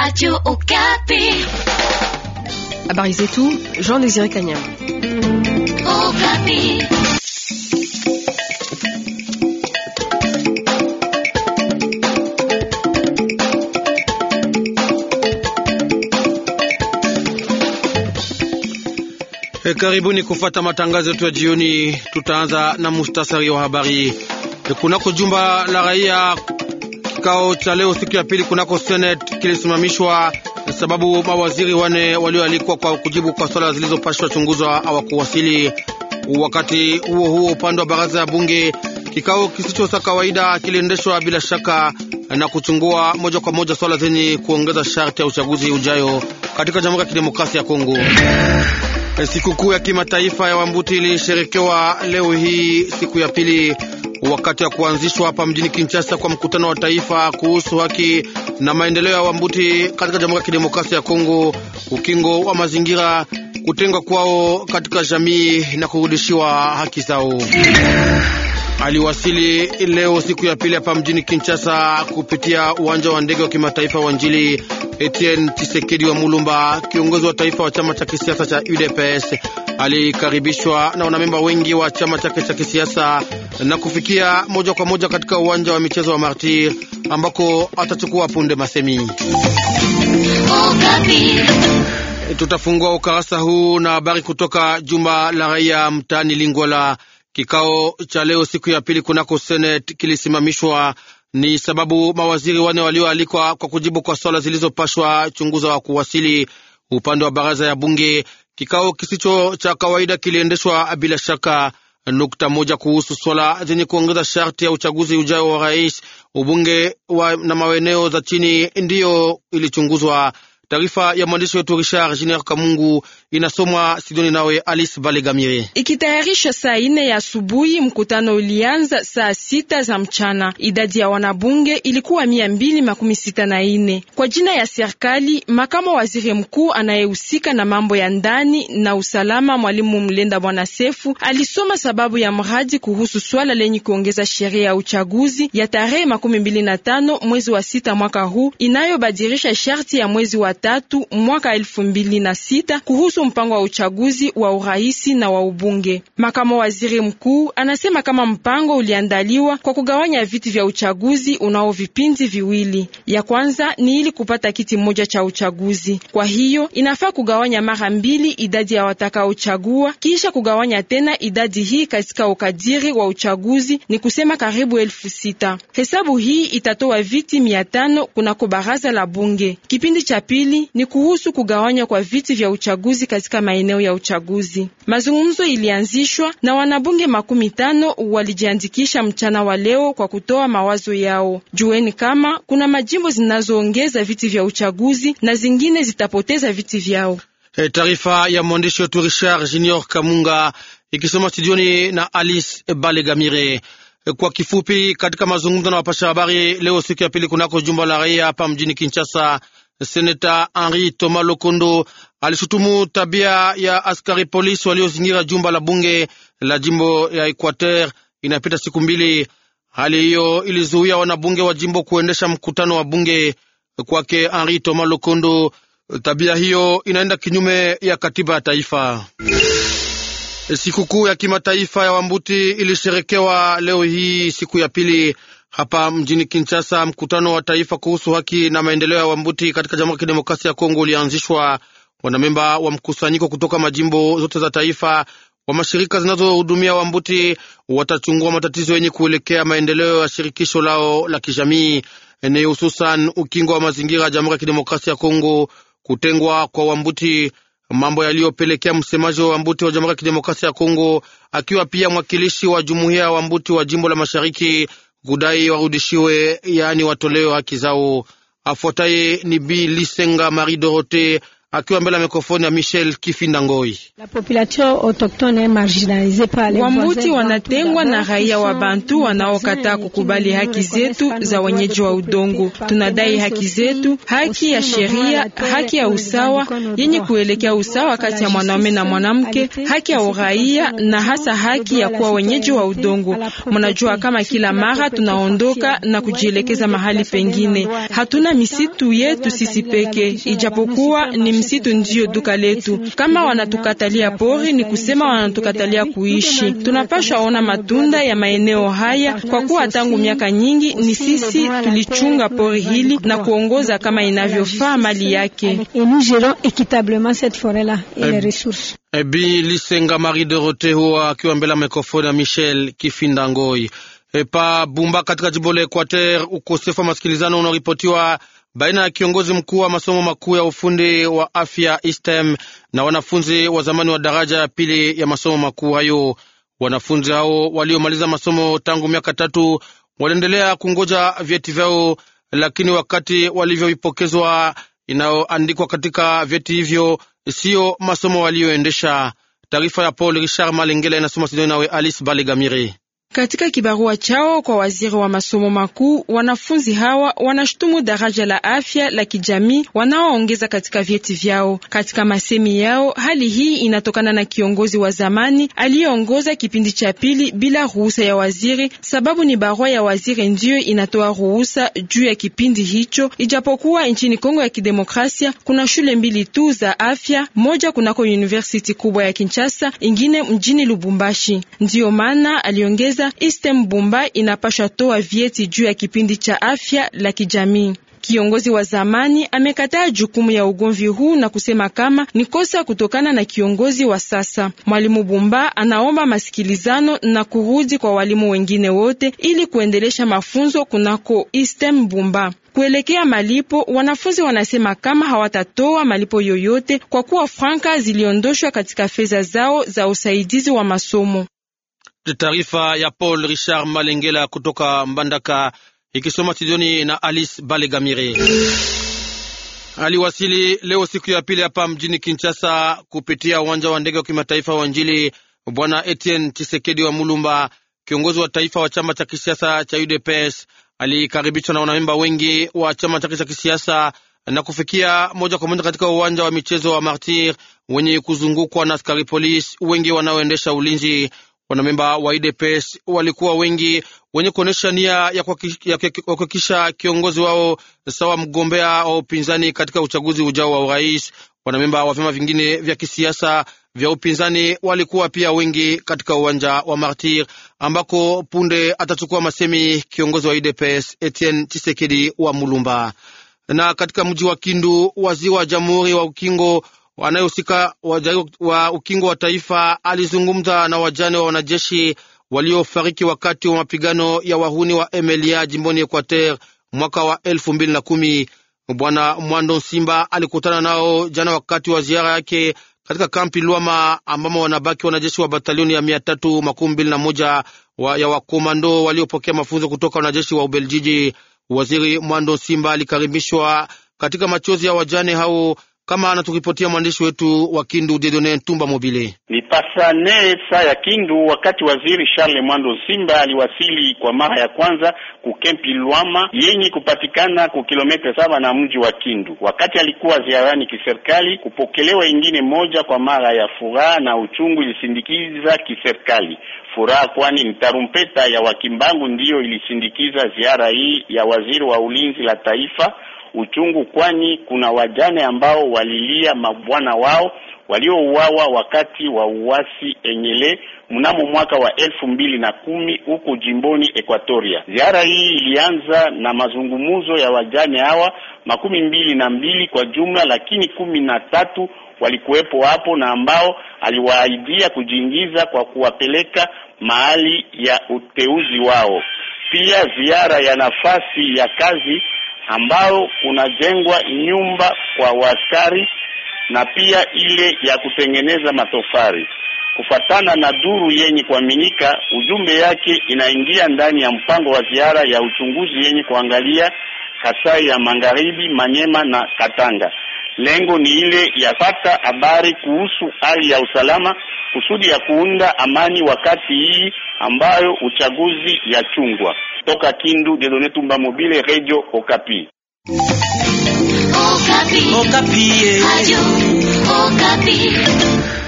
Radio Okapi. Habari zetu, Jean Désiré Kanyama. Okapi. He, eh, karibuni kufata matangazo yetu ya jioni. Tutaanza na mustasari wa habari. Eh, Kunako jumba la raia Kikao cha leo siku ya pili kunako Senate kilisimamishwa sababu mawaziri wane walioalikwa kwa kujibu kwa swala zilizopashwa chunguzwa hawakuwasili. Wakati huo huo, upande wa baraza ya bunge, kikao kisicho cha kawaida kiliendeshwa bila shaka na kuchungua moja kwa moja swala zenye kuongeza sharti ya uchaguzi ujayo katika Jamhuri ya Kidemokrasia ya Kongo. Sikukuu ya kimataifa ya Wambuti ilisherekewa leo hii siku ya pili wakati wa kuanzishwa hapa mjini Kinshasa kwa mkutano wa taifa kuhusu haki na maendeleo ya Wambuti katika Jamhuri ya Kidemokrasia ya Kongo, ukingo wa mazingira, kutengwa kwao katika jamii na kurudishiwa haki zao. Aliwasili leo siku ya pili hapa mjini Kinshasa kupitia uwanja wa ndege wa kimataifa wa Njili. Etienne Tshisekedi wa Mulumba, kiongozi wa taifa wa chama cha kisiasa cha UDPS alikaribishwa na wanamemba wengi wa chama chake cha kisiasa na kufikia moja kwa moja katika uwanja wa michezo wa Martir ambako atachukua punde masemi. Tutafungua ukarasa huu na habari kutoka jumba la raia mtaani Lingwala. Kikao cha leo siku ya pili kunako Senate kilisimamishwa ni sababu mawaziri wane walioalikwa kwa kujibu kwa swala zilizopashwa chunguza wa kuwasili upande wa baraza ya bunge Kikao kisicho cha kawaida kiliendeshwa bila shaka. Nukta moja kuhusu swala zenye kuongeza sharti ya uchaguzi ujao wa rais, ubunge wa na maeneo za chini ndiyo ilichunguzwa. Taarifa ya mwandishi wetu Richard Junior Kamungu inasomwa Sidoni nawe Alice Balegamire. Ikitayarisha saa ine ya asubuhi, mkutano ulianza saa sita za mchana. Idadi ya wanabunge ilikuwa mia mbili makumi sita na ine. Kwa jina ya serikali, makamo waziri mkuu anayehusika na mambo ya ndani na usalama, mwalimu Mlenda Bwana Sefu alisoma sababu ya mradi kuhusu swala lenye kuongeza sheria ya uchaguzi ya tarehe makumi mbili na tano mwezi wa sita mwaka huu inayobadirisha sharti ya mwezi wa tatu mwaka elfu mbili na sita kuhusu mpango wa uchaguzi wa uraisi na wa ubunge. Makamu waziri mkuu anasema kama mpango uliandaliwa kwa kugawanya viti vya uchaguzi unao vipindi viwili, ya kwanza ni ili kupata kiti moja cha uchaguzi, kwa hiyo inafaa kugawanya mara mbili idadi ya watakaochagua, kisha kugawanya tena idadi hii katika ukadiri wa uchaguzi, ni kusema karibu elfu sita. Hesabu hii itatoa viti mia tano kunako baraza la bunge. Kipindi cha pili pili ni kuhusu kugawanywa kwa viti vya uchaguzi katika maeneo ya uchaguzi. Mazungumzo ilianzishwa na wanabunge makumi tano walijiandikisha mchana wa leo kwa kutoa mawazo yao. Jueni kama kuna majimbo zinazoongeza viti vya uchaguzi na zingine zitapoteza viti vyao. Hey, eh, taarifa ya mwandishi wetu Richard Junior Kamunga ikisoma studioni na Alice Balegamire. Eh, kwa kifupi, katika mazungumzo na wapasha habari leo siku ya pili kunako jumba la raia hapa mjini Kinshasa, Seneta Henri Thomas Lokondo alishutumu tabia ya askari polisi waliozingira jumba la bunge la jimbo ya Equateur inapita siku mbili. Hali hiyo ilizuia wanabunge wa jimbo kuendesha mkutano wa bunge. Kwake Henri Thomas Lokondo, tabia hiyo inaenda kinyume ya katiba ya taifa. Sikukuu ya kimataifa ya Wambuti ilisherekewa leo hii siku ya pili hapa mjini Kinshasa, mkutano wa taifa kuhusu haki na maendeleo ya Wambuti katika Jamhuri ya Kidemokrasia ya Kongo ulianzishwa. Wanamemba wa mkusanyiko kutoka majimbo zote za taifa wa mashirika zinazohudumia Wambuti watachungua matatizo yenye kuelekea maendeleo ya shirikisho lao la kijamii, ni hususan ukingo wa mazingira ya Jamhuri ya Kidemokrasia ya Kongo, kutengwa kwa Wambuti, mambo yaliyopelekea msemaji wa Wambuti wa Jamhuri ya Kidemokrasia ya Kongo akiwa pia mwakilishi wa jumuiya ya Wambuti wa jimbo la mashariki kudai warudishiwe, yaani watolewe haki zao. Afuataye ni Bi Lisenga Marie Dorote akiwa mbele ya mikrofoni ya Michel Kifinda Ngoi. Wamuti wanatengwa na raia wa Bantu wanaokataa kukubali haki zetu za wenyeji wa udongo. Tunadai haki zetu, haki ya sheria, haki ya usawa yenye kuelekea usawa kati ya mwanaume na mwanamke, haki ya uraia na hasa haki ya kuwa wenyeji wa udongo. Mnajua kama kila mara tunaondoka na kujielekeza mahali pengine. Hatuna misitu yetu sisi peke, ijapokuwa ni msitu ndiyo duka letu. Kama wanatukatalia pori, ni kusema wanatukatalia kuishi. Tunapasha ona matunda ya maeneo haya, kwa kuwa tangu miaka nyingi ni sisi tulichunga pori hili na kuongoza kama inavyofaa mali yake. Ebi eh, eh, Lisenga Marie Dorote huwa akiwa mbele ya mikrofoni ya Michel Kifinda Ngoi. Epa eh, Bumba katika jimbo la Equateur, ukosefu wa masikilizano unaoripotiwa baina ya kiongozi mkuu wa masomo makuu ya ufundi wa afya stem na wanafunzi wa zamani wa daraja ya pili ya masomo makuu hayo. Wanafunzi hao waliomaliza masomo tangu miaka tatu waliendelea kungoja vyeti vyao, lakini wakati walivyovipokezwa inayoandikwa katika vyeti hivyo siyo masomo waliyoendesha. Taarifa ya Paul Richard Malengela inasoma Sidoni nawe Alice Balegamiri. Katika kibarua chao kwa waziri wa masomo makuu, wanafunzi hawa wanashutumu daraja la afya la kijamii wanaoongeza katika vyeti vyao. Katika masemi yao, hali hii inatokana na kiongozi wa zamani aliyeongoza kipindi cha pili bila ruhusa ya waziri, sababu ni barua ya waziri ndiyo inatoa ruhusa juu ya kipindi hicho, ijapokuwa nchini Kongo ya Kidemokrasia kuna shule mbili tu za afya, moja kunako university kubwa ya Kinshasa, ingine mjini Lubumbashi. Ndiyo maana aliongeza kwanza Istem Bumba inapashwa toa vyeti juu ya kipindi cha afya la kijamii. Kiongozi wa zamani amekataa jukumu ya ugomvi huu na kusema kama ni kosa kutokana na kiongozi wa sasa. Mwalimu Bumba anaomba masikilizano na kurudi kwa walimu wengine wote ili kuendelesha mafunzo kunako Istem Bumba. Kuelekea malipo, wanafunzi wanasema kama hawatatoa malipo yoyote kwa kuwa franka ziliondoshwa katika fedha zao za usaidizi wa masomo. Taarifa ya Paul Richard Malengela kutoka Mbandaka, ikisoma studioni na Alice Balegamire. Aliwasili leo siku ya pili hapa mjini Kinshasa kupitia uwanja wa ndege wa kimataifa wa Njili Bwana Etienne chisekedi wa Mulumba, kiongozi wa taifa wa chama cha kisiasa cha UDPS, alikaribishwa na wanamemba wengi wa chama chake cha kisiasa na kufikia moja kwa moja katika uwanja wa michezo wa Martir wenye kuzungukwa na askari polisi wengi wanaoendesha ulinzi. Wanamemba wa UDPS walikuwa wengi wenye kuonyesha nia ya kuhakikisha kiongozi wao sawa mgombea wa upinzani katika uchaguzi ujao wa urais. Wanamemba wa vyama vingine vya kisiasa vya upinzani walikuwa pia wengi katika uwanja wa Martir ambako punde atachukua masemi kiongozi wa UDPS Etienne Tshisekedi wa Mulumba. Na katika mji wa Kindu wa Jamhuri wa Ukingo wanayehusika wa ukingo wa taifa alizungumza na wajane wa wanajeshi waliofariki wakati wa mapigano ya wahuni wa Emilia jimboni Equateur mwaka wa elfu mbili na kumi. Bwana Mwando Nsimba alikutana nao jana wakati wa ziara yake katika kampi Lwama ambamo wanabaki wanajeshi wa batalioni ya mia tatu makumi mbili na moja wa, ya wakomando waliopokea mafunzo kutoka wanajeshi wa Ubeljiji. Waziri Mwando Nsimba alikaribishwa katika machozi ya wajane hao kama anatukipotia mwandishi wetu wa Kindu Dedone tumba Mobile. Ni pasane saa ya Kindu, wakati waziri Charles Mwando Simba aliwasili kwa mara ya kwanza kukempi Lwama yenye kupatikana ku kilomita saba na mji wa Kindu, wakati alikuwa ziarani kiserikali. Kupokelewa ingine moja kwa mara ya furaha na uchungu ilisindikiza kiserikali furaha, kwani ni tarumpeta ya Wakimbangu ndiyo ilisindikiza ziara hii ya waziri wa ulinzi la taifa uchungu, kwani kuna wajane ambao walilia mabwana wao waliouawa wakati wa uasi Enyele mnamo mwaka wa elfu mbili na kumi huko jimboni Equatoria. Ziara hii ilianza na mazungumzo ya wajane hawa makumi mbili na mbili kwa jumla, lakini kumi na tatu walikuwepo hapo na ambao aliwaahidia kujiingiza kwa kuwapeleka mahali ya uteuzi wao. Pia ziara ya nafasi ya kazi ambao kunajengwa nyumba kwa waskari na pia ile ya kutengeneza matofari. Kufatana na duru yenye kuaminika, ujumbe yake inaingia ndani ya mpango wa ziara ya uchunguzi yenye kuangalia Kasai ya Magharibi, Manyema na Katanga. Lengo ni ile ya pata habari kuhusu hali ya usalama kusudi ya kuunda amani wakati hii ambayo uchaguzi ya chungwa. Toka Kindu, Dedone Tumba Mobile, Radio Okapi. Okapi. Okapi. Eh.